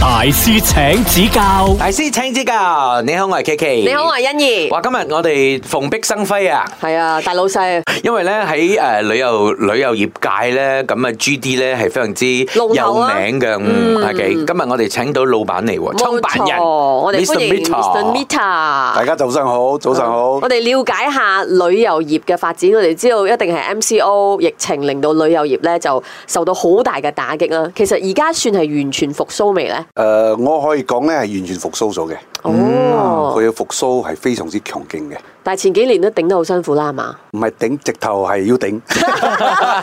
大師請指教，大師請指教。你好，我係琪琪。你好，我係欣宜。哇今日我哋蓬蓽生輝啊，係啊，大老細。因為咧喺誒旅遊旅遊業界咧咁啊 G D 咧係非常之有名嘅。嗯，係嘅。今日我哋請到老闆嚟喎，創辦人。我哋歡迎 Mister Mita，大家早上好，早上好。我哋了解下旅遊業嘅發展，我哋知道一定係 M C O 疫情令到旅遊業咧就受到好大嘅打擊啦。其實而家算係如。完全復甦未呢？誒，uh，我可以講呢係完全復甦咗嘅。哦，佢嘅復甦係非常之強勁嘅。但係前幾年都頂得好辛苦啦，係嘛？唔係頂，直頭係要頂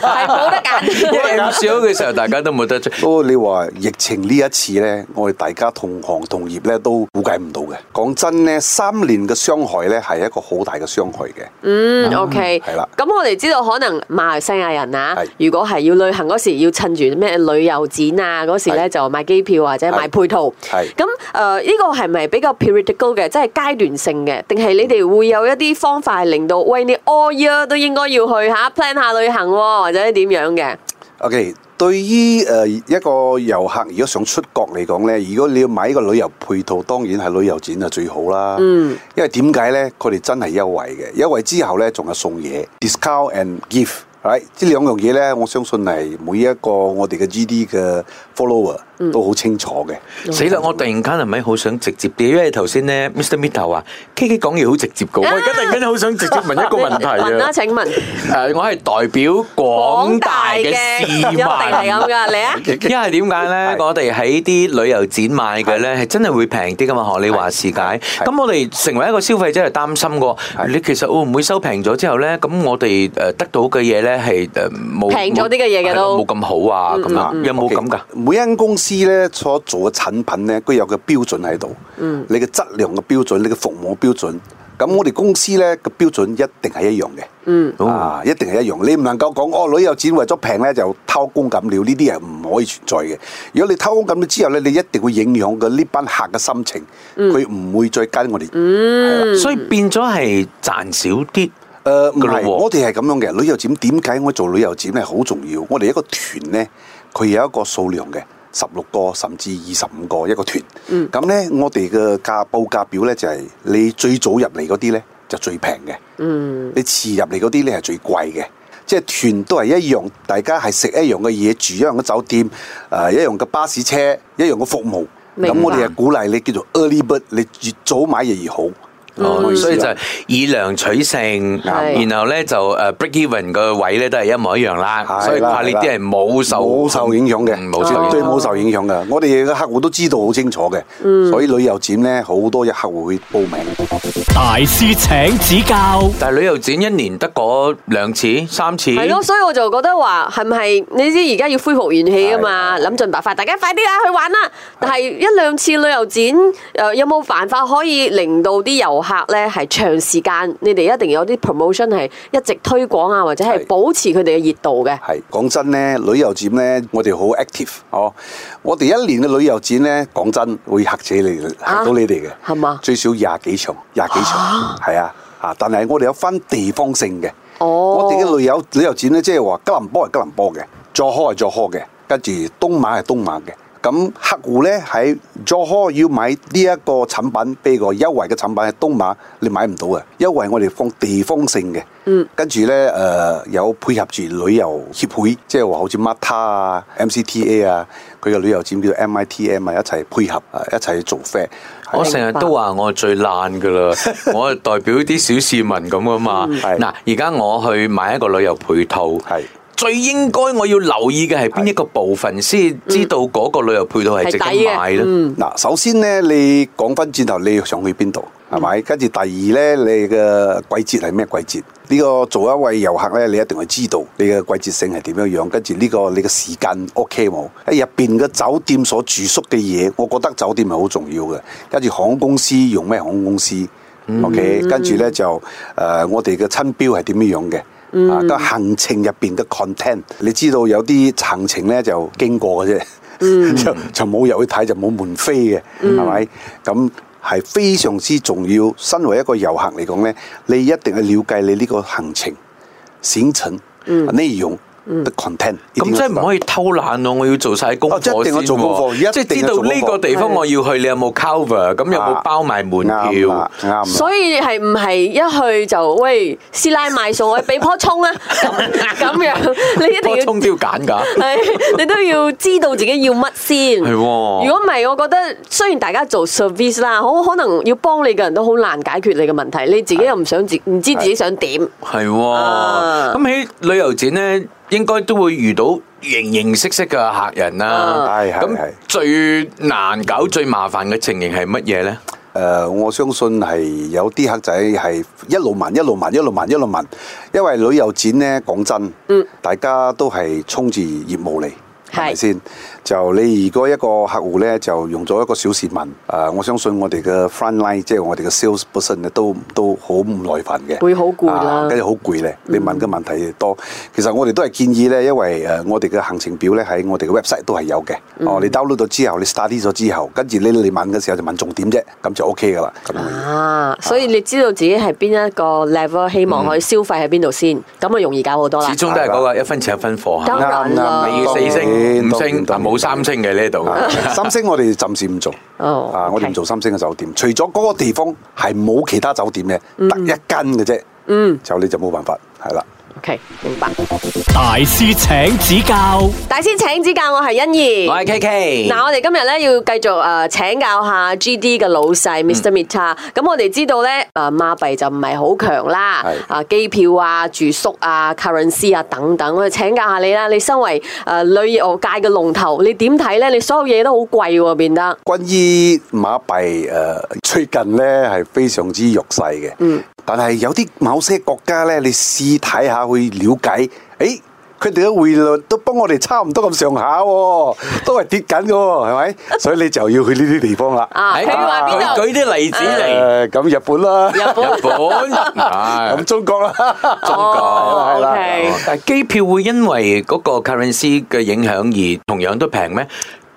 係，係冇得揀。MCO 嘅時候，大家都冇得出。 不過你話疫情呢一次咧，我哋大家同行同業咧都估計唔到嘅。講真咧，三年嘅傷害咧係一個好大嘅傷害嘅。嗯，OK，係、嗯、啦。咁我哋知道可能馬來西亞人啊，係如果係要旅行嗰時候要趁住咩旅遊展啊嗰時咧，就買機票或者買配套。係。咁誒呢個係咪比較 periodical 嘅，即、就、係、是、階段性嘅？定係你哋會有一一啲方法係令到，喂，你 all year 都應該要去下 plan 下旅行喎，或者點樣嘅。OK，對於誒一個遊客如果想出國嚟講呢，如果你要買一個旅遊配套，當然係旅遊展就最好啦。嗯，因為點解呢？佢哋真係優惠嘅，優惠之後呢，仲有送嘢，discount and gift。係，呢兩樣嘢咧，我相信係每一個我哋嘅 GD 嘅 follower 都好清楚嘅。死啦！我突然間係咪好想直接啲？因為頭先咧，Mr. Mita 話 KK 講嘢好直接嘅，我而家突然間好想直接問一個問題啊！請問，係我係代表廣大嘅市民咁嘅，嚟啊！一係點解咧？我哋喺啲旅遊展買嘅咧，係真係會平啲嘅嘛？學你話事解，咁我哋成為一個消費者係擔心喎。你其實會唔會收平咗之後咧？咁我哋誒得到嘅嘢咧？係誒，冇平咗啲嘅嘢嘅都冇咁好啊，咁、嗯、啊、嗯、有冇咁噶？Okay. 每間公司咧所做嘅產品咧，都有個標準喺度。嗯，你嘅質量嘅標準，你嘅服務標準。咁我哋公司咧個標準一定係一樣嘅。嗯，啊，一定係一樣嘅。你唔能夠講哦，女有錢為咗平咧就偷工減料，呢啲係唔可以存在嘅。如果你偷工減料之後咧，你一定會影響嘅呢班客嘅心情。佢、嗯、唔會再跟我哋、嗯。所以變咗係賺少啲。誒、呃,唔係、嗯,我哋係咁樣嘅。旅遊展點解我做旅遊展咧好重要？我哋一個團咧，佢有一個數量嘅，十六個甚至二十五個一個團。嗯，咁咧我哋嘅價報價表咧就係、是、你最早入嚟嗰啲咧就最平嘅。嗯，你遲入嚟嗰啲咧係最貴嘅。即係團都係一樣，大家係食一樣嘅嘢，住一樣嘅酒店，誒、呃，一樣嘅巴士車，一樣嘅服務。明白。咁我哋係鼓勵你叫做 early bird，你越早買嘢越好。哦、嗯嗯，所以就以量取勝、嗯、然後咧就誒 break even 個位咧都係一模一樣啦。所以怕呢啲係冇受冇受影響嘅，冇受影響，冇受影響嘅。我哋嘅客戶都知道好清楚嘅、嗯，所以旅遊展咧好多嘅客戶去報名。大師請指教。但係旅遊展一年得過兩次、三次。係咯，所以我就覺得話係唔係你知而家要恢復元氣啊嘛，諗盡辦法，大家快啲啊去玩啦、啊！但係一兩次旅遊展誒有冇辦法可以令到啲遊？客咧係長時間，你哋一定有啲 promotion 係一直推廣啊，或者係保持佢哋嘅熱度嘅。係講真咧，旅遊展咧我哋好 active 哦，我哋一年嘅旅遊展咧，講真會嚇死你，嚇到你哋嘅，係嘛？最少廿幾場，廿幾場，係啊是啊！但係我哋有分地方性嘅、哦，我哋嘅旅遊旅遊展咧，即係話吉隆坡係吉隆坡嘅，左開係左開嘅，跟住東馬係東馬嘅。咁客戶咧喺 Johor 要買呢一個產品，譬如個優惠嘅產品係東馬，你買唔到嘅優惠，我哋放地方性嘅。嗯，跟住咧誒有配合住旅遊協會，即係話好似 MATTA 啊、MCTA 啊，佢個旅遊展叫 MITM 啊，一齊配合一齊做 fare。我成日都話我係最爛噶啦， 我係代表啲小市民咁啊嘛。嗱、嗯，而家我去買一個旅遊配套。最應該我要留意嘅係邊一個部分先知道嗰個旅遊配套係值得買咧？嗱、嗯嗯，首先咧，你講返轉頭，你想去邊度，係咪？跟、嗯、住第二咧，你嘅季節係咩季節？呢、這個做一位遊客咧，你一定係知道你嘅季節性係點樣樣。跟住呢個你嘅時間，OK 冇喺入邊嘅酒店所住宿嘅嘢，我覺得酒店係好重要嘅。跟住航空公司用咩航空公司、嗯、？OK，跟住咧就誒、呃，我哋嘅親標係點樣樣嘅？啊、嗯，行程入面的 content，你知道有啲行程咧就經過嘅啫，嗯， 就就冇入去睇就冇門飛嘅，係、嗯、咪？咁係非常之重要。身為一個遊客嚟講咧，你一定要了解你呢個行程、行程內容。content，咁即係唔可以偷懶咯，我要做晒工功課先喎、哦。即係知道呢個地方我要去，你有冇 cover？咁、啊、有冇包埋門票？啱、啊啊啊啊、所以係唔係一去就喂 師奶賣餸，我俾棵蔥啊？咁 這樣 你一定要蔥挑揀噶，係 你都要知道自己要乜先。係、 啊，如果唔係，我覺得雖然大家做 service 啦，好可能要幫你嘅人都好難解決你嘅問題，你自己又唔想自唔、啊、知自己想點。係、啊，咁喺、啊、旅遊展咧。應該都會遇到形形色色嘅客人啦、嗯。咁最難搞、最麻煩嘅情形係乜嘢呢？誒、呃，我相信係有啲客仔係一路問、一路問、一路問、一路問，因為旅遊展呢講真，嗯、大家都係衝住業務嚟。係先？就你如果一個客戶咧，就用咗一個小時問，誒、呃，我相信我哋嘅 front line，即係我哋嘅 sales person 咧，都都好唔耐煩嘅，會好攰啦，跟住好攰咧，你問嘅問題多，其實我哋都係建議咧，因為誒我哋嘅行程表咧喺我哋嘅 website 都係有嘅、嗯，哦，你 download 到之後，你 study 咗之後，跟住你你問嘅時候就問重點啫，咁就 OK 噶啦。啊，所以你知道自己係邊一個 level，希望可以消費喺邊度先，咁、嗯、啊容易搞好多啦。始終都係嗰、那個一分錢一分貨嚇，當然要四星。啊五星，但、啊、冇三星嘅呢度。三星我哋暫時唔做。哦，啊，我哋唔做三星嘅酒店，oh, okay. 除咗嗰個地方係冇其他酒店嘅，得、mm. 一間嘅啫。嗯、mm.，就你就冇辦法，係啦。OK，明白。大師請指教。大師請指教，我係欣宜，我係 K K。嗱、嗯，我哋今日咧要繼續誒請教下 G D 嘅老細 Mr. Mita。咁我哋知道咧，誒馬幣就唔係好強啦。係啊，機票啊、住宿啊、currency 啊等等，我哋請教下你啦。你身為誒旅遊界嘅龍頭，你點睇咧？你所有嘢都好貴喎，變得。關於馬幣誒，最近咧係非常之弱勢嘅。嗯。但係有啲某些國家咧，你試睇下去了解，誒、欸，佢哋嘅匯率都幫我哋差唔多咁上下喎，都係跌緊喎，係咪？ 所以你就要去呢啲地方啦。啊，你、啊啊、舉啲例子嚟。咁、啊、日本啦，日本，咁 中國啦， 中國係、oh, okay. 啦。但機票會因為嗰個 currency 嘅影響而同樣都平咩？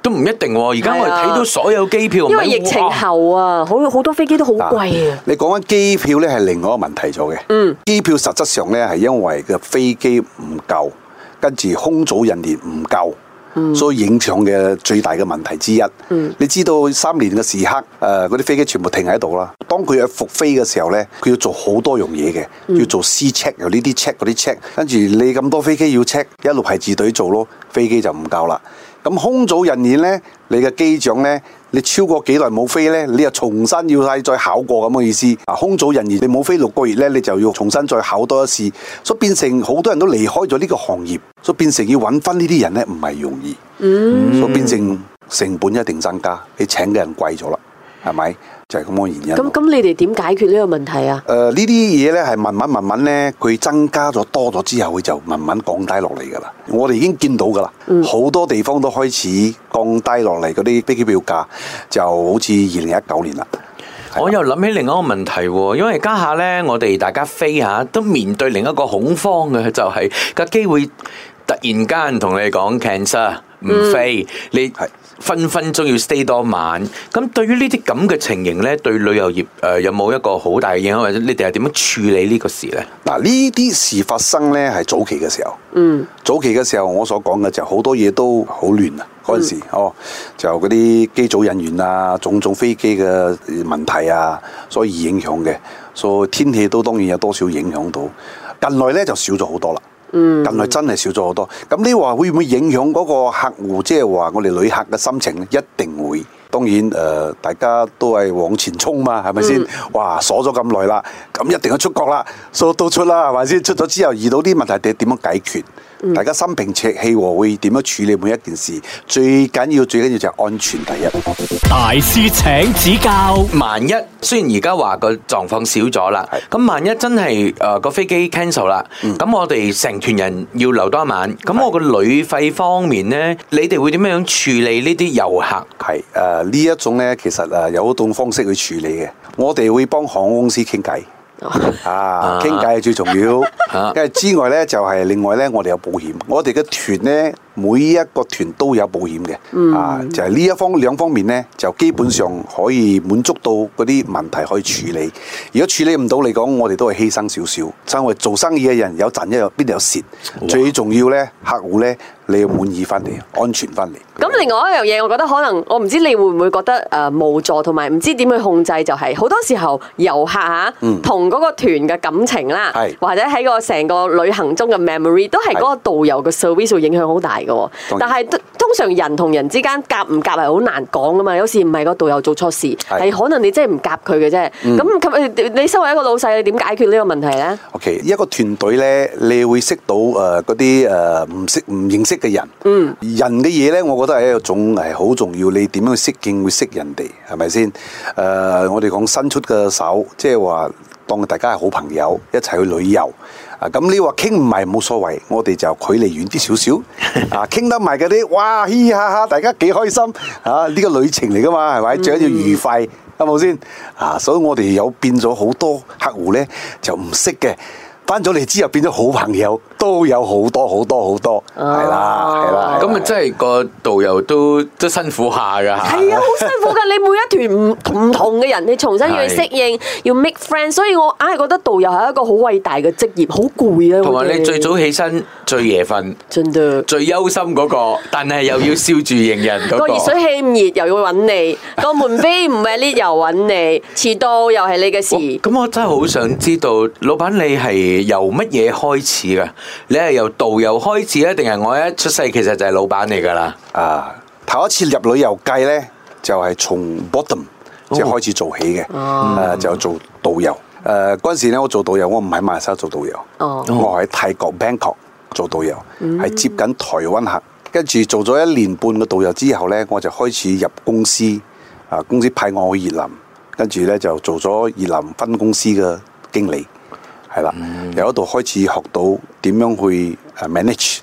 都唔一定喎，而家我哋睇到所有機票、啊，因為疫情後啊，好好多飛機都好貴啊。你講緊機票咧，係另外一個問題咗嘅。嗯，機票實質上咧係因為嘅飛機唔夠，跟住空組人員唔夠，所以影響嘅最大嘅問題之一、嗯。你知道三年嘅時刻，誒嗰啲飛機全部停喺度啦。當佢復飛嘅時候咧，佢要做好多樣嘢嘅，要做 C check 有呢啲 check 嗰啲 check，跟住你咁多飛機要 check，一路係自隊做咯，飛機就唔夠啦。咁空組人員呢，你嘅機長呢，你超過幾耐冇飛呢，你又重新要再考過咁嘅意思。啊，空組人員你冇飛六個月呢，你就要重新再考多一次，所以變成好多人都離開咗呢個行業，所以變成要揾翻呢啲人呢，唔係容易，mm-hmm. 所以變成成本一定增加，你請嘅人貴咗啦，係咪？就係咁嘅原因。咁咁，你哋點解決呢個問題啊？誒，呢啲嘢咧係慢慢慢慢咧，佢增加咗多咗之後，佢就慢慢降低落嚟噶啦。我哋已經見到噶啦，好多地方都開始降低落嚟嗰啲飛機票價，就好似二零一九年啦。我又諗起另一個問題，因為家下咧，我哋大家飛下都面對另一個恐慌嘅，就係個機會突然間同你講 Cancer 唔飛，你係、嗯。分分鐘要 stay 多晚，咁對於呢啲咁嘅情形呢，對旅遊業誒、呃、有冇一個好大嘅影響，或者你哋係點樣處理呢個事呢？嗱，呢啲事發生呢係早期嘅時候，嗯，早期嘅時候我所講嘅就好多嘢都好亂啊，嗰陣時、嗯、哦，就嗰啲機組人員啊，種種飛機嘅問題啊，所以影響嘅，所以天氣都當然有多少影響到，近來呢，就少咗好多啦。近來真係少咗好多，咁你話會唔會影響嗰個客戶，即係話我哋旅客嘅心情呢？一定會，當然誒、呃，大家都係往前衝嘛，係咪先？嗯、哇，鎖咗咁耐啦，咁一定要出國啦，鎖都出啦，係咪先？出咗之後遇到啲問題，你點樣解決？大家心平氣和會點樣處理每一件事？最緊要最緊要就係安全第一。大師請指教。萬一雖然而家話個狀況少咗啦，咁萬一真係誒個飛機 cancel 啦，咁、嗯、我哋成團人要留多一晚，咁我個旅費方面呢，你哋會點樣處理呢啲遊客？係誒呢一種呢，其實誒、呃、有一種方式去處理嘅，我哋會幫航空公司傾偈。 啊，傾偈係最重要，因為之外咧就係、是、另外咧，我哋有保險，我哋嘅團咧每一個團都有保險嘅，嗯、啊就係、是、呢一方兩方面咧就基本上可以滿足到嗰啲問題可以處理，嗯、如果處理唔到嚟講，你講我哋都係犧牲少少，因為做生意嘅人有賺，一有邊度有蝕，最重要咧客戶咧。你要滿意翻嚟，安全翻嚟。咁另外一樣嘢，我覺得可能我唔知你會唔會覺得誒、呃、無助同埋唔知點去控制，就係、是、好多時候遊客吓同嗰個團嘅感情啦，或者喺個成個旅行中嘅 memory 都係嗰個導遊嘅 service 影響好大嘅，是但係。通常人同人之間夾唔夾係好難講噶嘛，有時唔係個導遊做錯事，係可能你真係唔夾佢嘅啫。咁你你身為一個老細，你點解決呢個問題咧？OK，一個團隊咧，你會識到誒嗰啲誒唔識唔認識嘅人。嗯，人嘅嘢咧，我覺得係一種係好重要。你點樣去適應會識人哋係咪先？誒，我哋講伸出嘅手，即係話。當大家係好朋友，一齊去旅遊啊！咁你話傾唔埋冇所謂，我哋就距離遠啲少少啊！傾得埋嗰啲，哇嘻嘻哈哈，大家幾開心啊！呢個旅程嚟噶嘛，係咪、嗯？最緊要愉快，得冇先啊！所以我哋有變咗好多客戶咧，就唔識嘅。返咗嚟之後變咗好朋友，都有好多好多好多。係啦，係啦。咁啊，真係個導遊都都辛苦下㗎。係啊，好辛苦㗎。你每一團唔唔同嘅人，你重新要去適應，要 make oh. friends. 所以我，硬係覺得導遊係一個好偉大嘅職業，好攰啊。同埋你最早起身，最夜瞓，真，最憂心嗰個，但係又要笑住迎人嗰個。個熱水器唔熱又要搵你，個門飛唔 ready 又搵你，遲到又係你嘅事。咁我真係好想知道，老闆你係? 由乜嘢開始噶？你係由導遊開始咧，定係我一出世其實就係老闆嚟噶啦？啊，頭一次入旅遊界咧，就係、是、從 bottom 即、oh. 係開始做起嘅，啊、oh. 就做導遊。誒嗰陣時咧，我做導遊，我唔喺馬來西亞做導遊，oh. 我喺泰國 Bangkok 做導遊，係、oh. 接緊台灣客。跟住做咗一年半嘅導遊之後咧，我就開始入公司。啊，公司派我去越南，跟住咧就做咗越南分公司嘅經理。係啦、嗯，由嗰度開始學到點樣去 manage，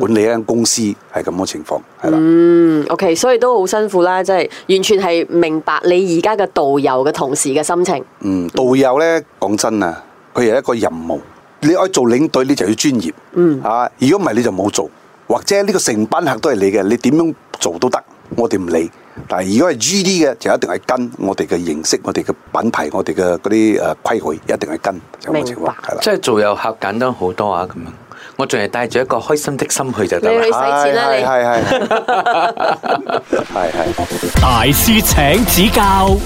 管理一間公司係咁嘅情況，係啦。嗯，嗯，OK，所以都好辛苦啦，即係完全係明白你而家嘅導遊嘅同事嘅心情。嗯，導遊呢講真啊，佢係一個任務，你愛做領隊你就要專業。嗯，啊，如果唔係你就冇做，或者呢個成班客都係你嘅，你點樣做都得，我哋唔理。但係如果係 G D 嘅，就一定係跟我哋嘅形式、我哋嘅品牌、我哋嘅嗰啲誒規矩，一定係跟有冇情況？明白。即係做遊客簡單好多啊！咁、嗯、樣，我仲係帶住一個開心的心去就得啦。你去使錢啦、啊！係係係係， 大師請指教。